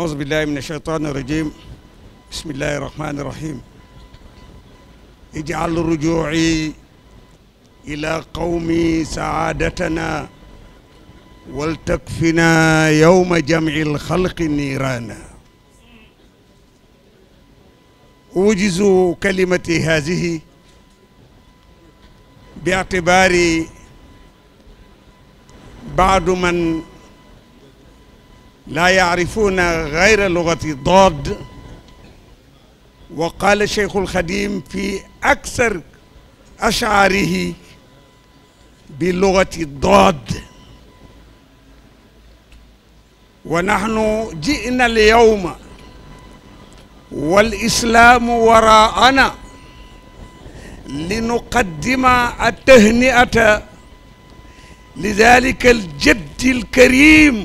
أعوذ بالله من الشيطان الرجيم بسم الله الرحمن الرحيم اجعل رجوعي إلى قومي سعادتنا ولتكفنا يوم جمع الخلق نيرانا أوجز كلمتي هذه باعتباري بعض من laa yaarifuuna gayra lugati dood wa qaala cheikhul xadim fi aksar ashaarihi bi lugati dood wa naxnu jina al yowma wal islaamu waraana li nuqaddima at tahniata li dalika al jaddi al karim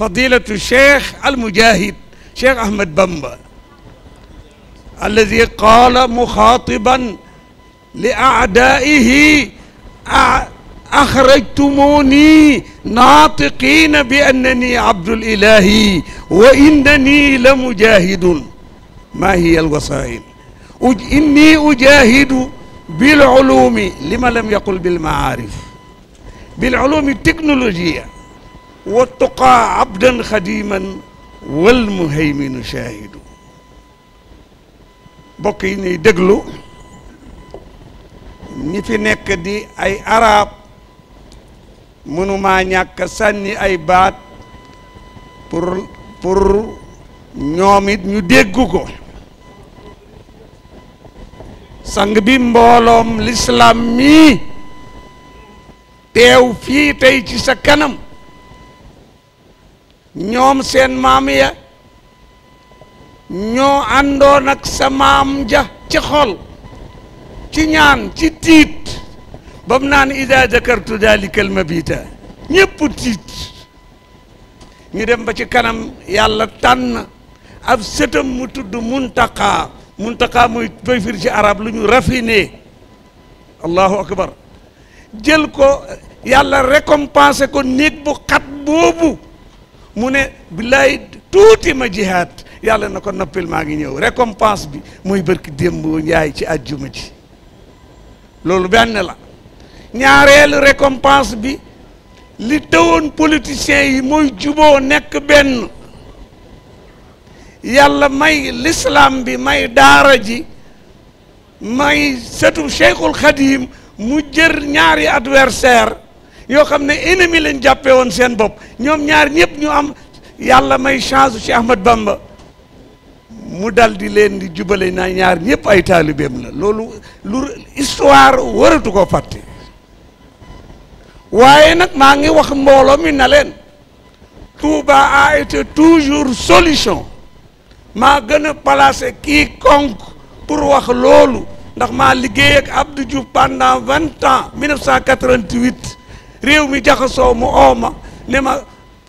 fadilatu cheikh almujahid cheikh Ahmed Bamba alladi qaala muxaatiban li aadaihi axrajtumuni naatiqina bi annani abdul ilahi wa innani la mujahidun ma hiya alwasail inni ujahidu bilulumi lima lam yaqul bilmaarif bilulumi technologie wa tuqaa abdan xadiman wal muhayminu shaahidu bokk yi ñuy déglu ñi fi nekk di ay araab mënumaa ñàkk sànni ay baat pour pour ñoom it ñu déggu ko sang bi mbooloom lislaam mii teew fii tey ci sa kanam ñoom seen maam ya ñoo àndoon ak sa maam ja ci xol ci ñaan ci tiit ba mu naan ida dakartu dalika almabita ñëpp tiit ñu dem ba ci kanam yàlla tànn ab sëtam mu tudd muntaqaa muntaqaa mooy toy fir ci arab lu ñu raffiné allahu akbar jël ko yàlla récompensé ko néeg bu xat boobu mu ne billaay tuuti ma jihaat yàlla na ko noppil maa ngi ñëw récompense bi muy barki démb njaay ci àjjuma ji loolu benn la ñaareelu récompense bi li tëwoon politiciens yi mooy juboo nekk benn yàlla may l'islam bi may daara ji may setu cheikhul xadim mu jër ñaari adversaire yoo xam ne ennemi lañ jàppee woon seen bopp ñoom ñaar ñëpp ñu am yàlla may chance Cheikh Ahmad Bamba mu dal di leen di jubale na ñaar ñëpp ay taalibeem la loolu lu histoire waratu ko fàtte waaye nag maa ngi wax mbooloo mi na leen Touba a été toujours solution maa gën a placé quiconque pour wax loolu ndax maa liggéey ak Abdou Diouf pendant vingt ans réew mi jaxasoo mu ooma ne ma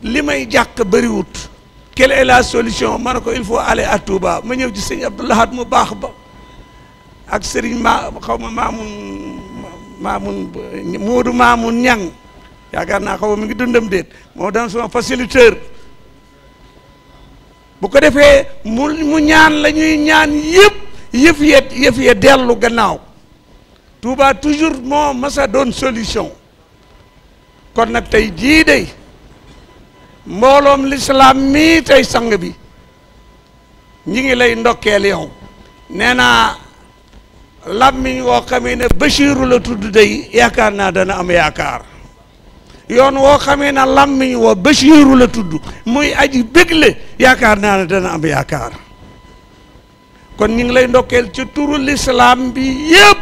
li may jàq bariwut quelle est la solution ma ne ko il faut aller à Touba ma ñëw ci sëñ Abdoulahat mu baax ba ak sëriñ ma xaw ma maamun maamun Moodu maamun ñang yaakaar naa xaw ma mi ngi dundam déet moo daan sama facilitateur bu ko defee mu mu ñaan la ñuy ñaan yëpp yëf ye yëf ye dellu gannaaw Touba toujours moo masa doon solution kon nag tey jii day mbooloom lislaam mii tey sang bi ñu ngi lay ndokkeel yow nee naa làmmiñ woo xamee ne Bachiru la tudd day yaakaar naa dana am yaakaar yoon woo xamee ne làmmiñ woo Bachiru la tudd muy aji bégle yaakaar naa ne dana am yaakaar kon ñu ngi lay ndokkeel ci turu lislaam bi yépp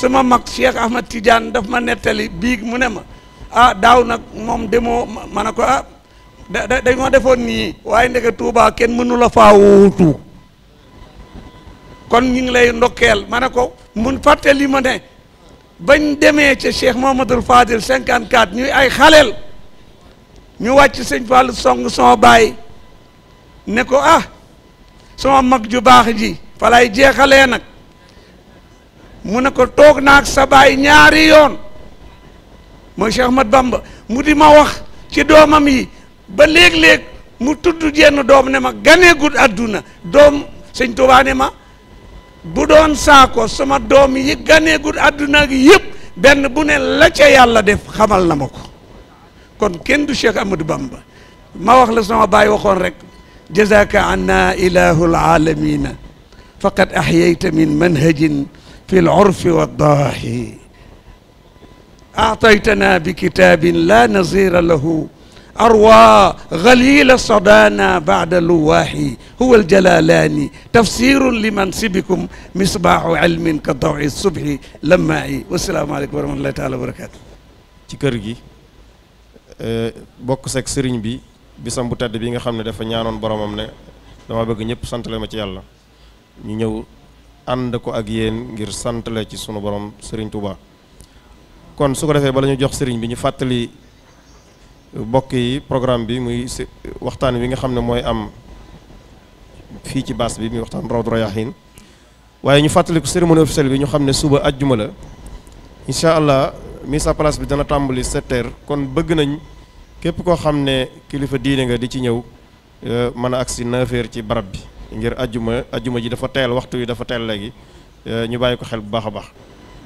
sama mag Cheikh Ahmad Tidiane daf ma nettali biig mu ne ma ah daaw nag moom demoo ma ne ko ah da ma defoon nii waaye ndeke Touba kenn mënu la faa wuutu kon ñu ngi lay ndokkeel ma ne ko mun fàttali ma ne bañ demee ci ca Cheikh Mouhamadoul Fadil 54 ñuy ay xaleel ñu wàcc sëñ Fallou song sama baay ne ko ah sama mag ju baax ji falay jeexale nag mu ne ko toog naag sa baay ñaari yoon mooy Cheikh Ahmad Bamba mu di ma wax ci doomam yi ba léeg-léeg mu tudd jenn doom ne ma ganeegul àdduna doom sëñ Tuubaa ne ma bu doon saako sama doom yi ganeegul àdduna gi yëpp benn bu ne la ca yàlla def xamal na ma kon kenn du Cheikh Ahmadou Bamba ma wax la sama baay waxoon rek jazaka anna ilahul alamina faqad ahyayta min manhajin fi l wa daahi aataytana bi kitaabin la nazira lahu arwa galila sodana baada luwaahi huwa aljalalaani tafsiru limansibikum misbaahu ilmin ka dawi subhi lammaai wasalaamaaleykum wa rahmatullahi taala wa barakatu ci kër gi eh, bokk sek sëriñ bi bisam bu tedd bi nga xam ne dafa ñaanoon boromam ne dama bëgg ñëpp santale ma ci yàlla ñu ñëw ànd ko ak yéen ngir santale ci sunu borom sëriñ Tuubaa kon su ko defee bala ñu jox sëriñ bi ñu fàttali mbokk yi programme bi muy waxtaan wi nga xam ne mooy am fii ci baas bi muy waxtaan Rawdu Rayaahiin waaye ñu fàttaliku ko cérémonie officielle bi ñu xam ne suba ajjuma la incha allah mise à place bi dana tàmbali 7 kon bëgg nañ képp koo xam ne kilifa diine nga di ci ñëw euh, mën a agsi 9 heures ci barab bi ngir ajjuma ajjuma ji dafa teel waxtu wi dafa teel léegi euh, ñu bàyyi ko xel bu baax a baax.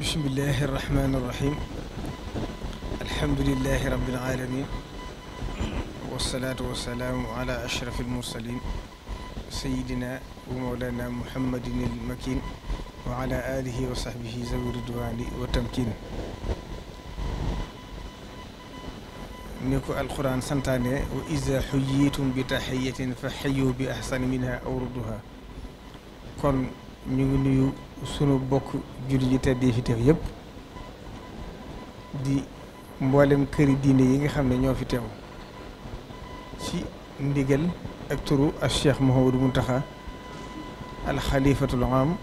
bismillahi irrahmani irrahim alhamdulilahi rabbil alamin wasalaatu wasalaamu ala ashraf almursalin sayidina wa mawlana muhammadin almakin wa ala alihi wa sahbihi zawi ridwani wa tamkin ni ko alquran santaane wa iza xuyitum bi taxiyatin fa xayu bi ahsani minha aw rudduha kon ñu ngi nuyu sunu bokk jullit yi tedd yi fi teew yëpp di mboolem këri diine yi nga xam ne ñoo fi teew ci ndigal ak turu ak Cheikh Mouhamadou Mountakha alxalifatul am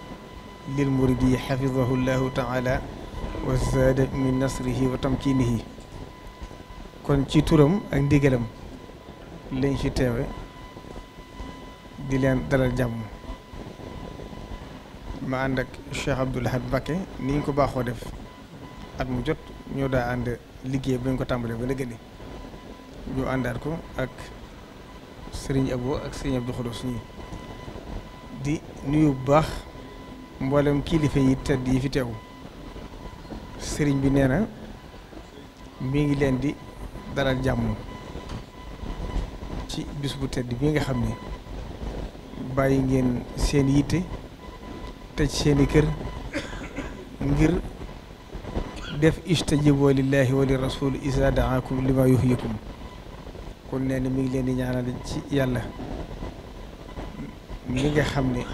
lil muridi xafidahu llahu taala wa zaada min nasrihi wa tamkinihi kon ci turam ak ndigalam lañ fi teewe di leen dalal jàmm ma ànd ak Cheikh Abdou Lahad ni ñu ko baaxoo def at mu jot ñoo daa ànd liggéey ba ñu ko tàmbalee ba léegi nii ñu àndaat ko ak sëriñ Abo ak sëriñ Abdou Khodos ñi di nuyu bu baax mboolem kilifa yi tedd yi fi teew sëriñ bi nee na mi ngi leen di dalal jàmm ci bis bu tedd bi nga xam ni bàyyi ngeen seen yitte. tëj seeni kër ngir def istajibu lillahi wa rasul isa daakum li ma yuhyikum kon nee na mi ngi leen di ñaanal ci yàlla mi nga xam ni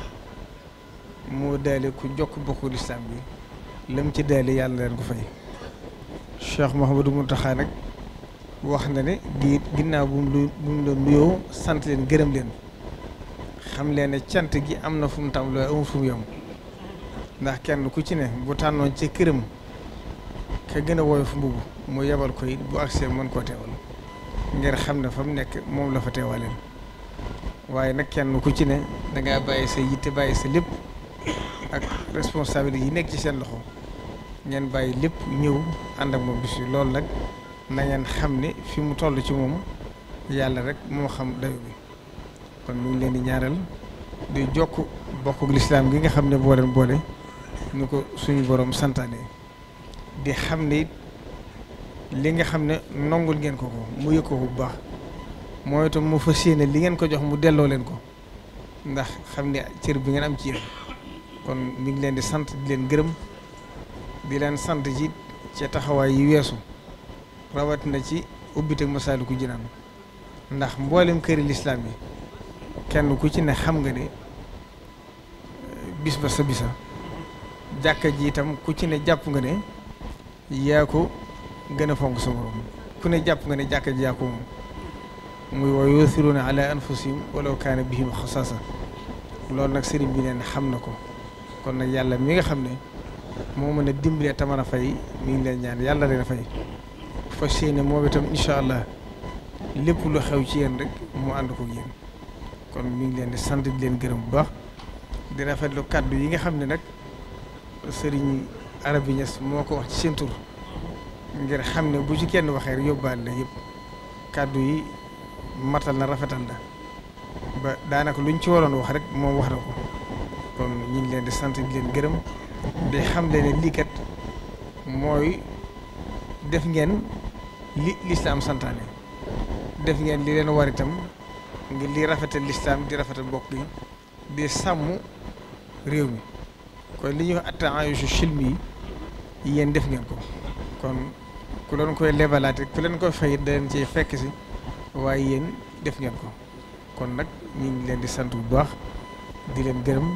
moo daale ku jokk bokku lislaam bi lam ci daale yàlla leen ko fay Cheikh Mouhamadou Mountakha nag wax na ne di ginnaaw bu mu bu doon nuyoo sant leen gërëm leen xam leen ne cant gi am na fu mu tàmbalee amul fu mu ndax kenn ku ci ne bu tànnoon ci këram ka gën a woyof mbubb mu yebal ko it bu agsee mën koo teewal ngir xam ne fa mu nekk moom la fa teewaleen waaye nag kenn ku ci ne dangaa bàyyi sa yitte bàyyi sa lépp ak responsabilité yi nekk ci seen loxo ngeen bàyyi lépp ñëw ànd ak moom bis yi loolu nag na ngeen xam ne fi mu toll ci moom yàlla rek moo xam dayo bi kon lu leen di ñaaral di jokk bokku lislaam gi nga xam ne boo leen boole nu ko suñu boroom santaane di xam ne it li nga xam ne nongul ngeen ko ko mu yëg ko bu baax mooy itam mu fas yéene li ngeen ko jox mu delloo leen ko ndax xam ne cër bi ngeen am ci yéen kon mi ngi leen di sant di leen gërëm di leen sant ji ca taxawaay yi weesu rawatina ci ubbiteg Masaalikul Jinaan ndax mboolem këri lislaam yi kenn ku ci ne xam nga ne eh, bis ba sa bisa jàkka ji itam ku ci ne jàpp nga ne yaa ko gën a fonk sa morom ku ne jàpp nga ne jàkka ji yaa ko moom muy wa yuuthiruuna ala anfusihim walaw kaana bihim xasaasa loolu nag sëriñ bi neen xam na ko kon nag yàlla mi nga xam ne moo mën a dimbalee tamar fay mi ngi leen ñaan yàlla leen fay fas yéene moom itam incha allah lépp lu xew ci yéen rek mu ànd ko yéen kon mu ngi leen di sant di leen gërëm bu baax di rafetlu kàddu yi nga xam ne nag sëriñ Arabi Niass moo ko wax ci seen tur ngir xam ne bu ci kenn waxee rek yóbbaale la yëpp kàddu yi matal na rafetal na ba daanaka luñ ci waroon wax rek moom wax na ko kon ñu ngi leen di sant di leen gërëm di xam leen ne lii kat mooy def ngeen li lislaam santaane def ngeen li leen war itam ngir lii rafetal lislaam di rafetal bokk yi di sàmm réew mi. kon li ñuy wax attaayusu silmi yi yéen def ngeen ko kon ku leen koy lebalaate ku leen koy fay da leen ci fekk si waaye yéen def ngeen ko kon nag ñu ngi leen di sant bu baax di leen gërëm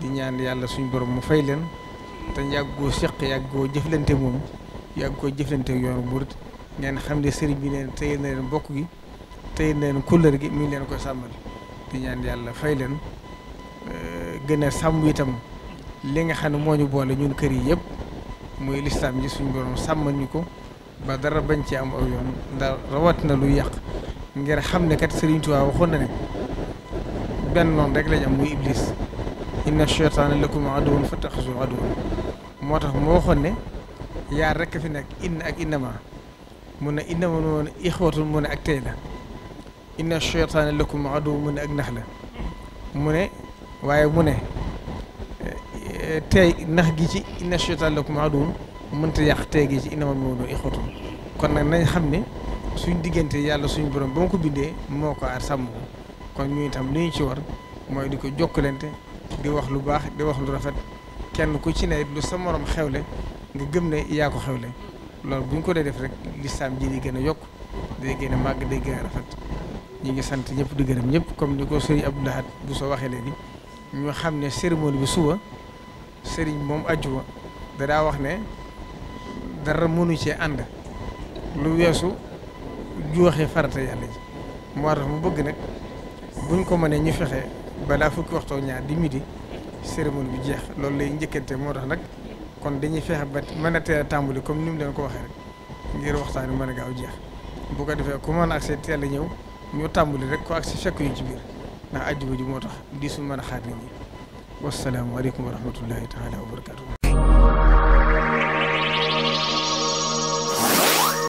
di ñaan yàlla suñu borom mu fay leen te yàggoo seq yàggoo jëflante moom yàggoo jëflante yoonu murit ngeen xam ne sëriñ bi neen téye na leen gi téye na leen couleur gi mi ngi leen koy sàmmal di ñaan yàlla fay leen eh, gën sàmm itam li nga xam ne moo ñu boole ñun kër yi yëpp muy lislaam ji suñu borom sàmmal ñu ko ba dara bañ ci am aw yoon ndax na lu yàq ngir xam ne kat Sëriñ Tuubaa waxoon na ne benn noon rek lañ am muy iblis inna cheytaana lakum aduwwun fattaxizu aduwwan moo tax moo waxoon ne yaar rek fi nekk inn ak innama mun ne innama mu ne ixwatun ne ak tey la inna cheytaana lakum aduwwun mu ne ak nax la mu ne waaye mu ne tey nax gi ci inna shaytaan lakum aduwwun mënta yàq tey gi ci innamal mu'minuuna xoto kon nag nañ xam ne suñ diggante yàlla suñu borom ba mu ko bindee moo ko aar sàmm kon ñu itam li ñu ci war mooy di ko jokkalante di wax lu baax di wax lu rafet kenn ku ci ne lu sa moroom xewle nga gëm ne yaa ko xewle loolu bu ñu ko dee def rek lislaam ji di gën a yokk day gën a màgg day rafet ñu ngi sant ñëpp di gërëm ñëpp comme ni ko sëriñ Abdou Lahad bu soo waxee léegi ñu xam ne cérémonie bi suba. sëriñ moom ajjuma dadaa wax ne dara mënu cee ànd lu weesu jooxe farata yàlla ji moo tax mu bëgg nag buñ ko mënee ñu fexe balaa fukki waxtoo ñaar di midi cérémonie bi jeex loolu lay njëkkante moo tax nag kon dañuy fexe ba mën a teel a tàmbali comme ni mu leen ko waxee rek ngir waxtaan bi mën a gaaw jeex bu ko defee ku mën a a ñëw ñu tàmbali rek ko agsi fekk ñu ci biir ndax ajjuma ji moo tax di suñ mën a xaar nit ñi wassalaamu aleykum wa rahmatullahi taala wa barakaatu.